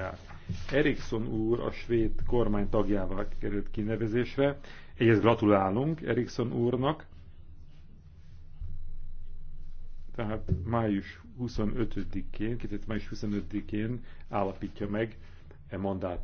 kollégák. Eriksson úr a svéd kormány tagjává került kinevezésre. Egyrészt gratulálunk Eriksson úrnak. Tehát május 25-én, 25-én állapítja meg e mandát.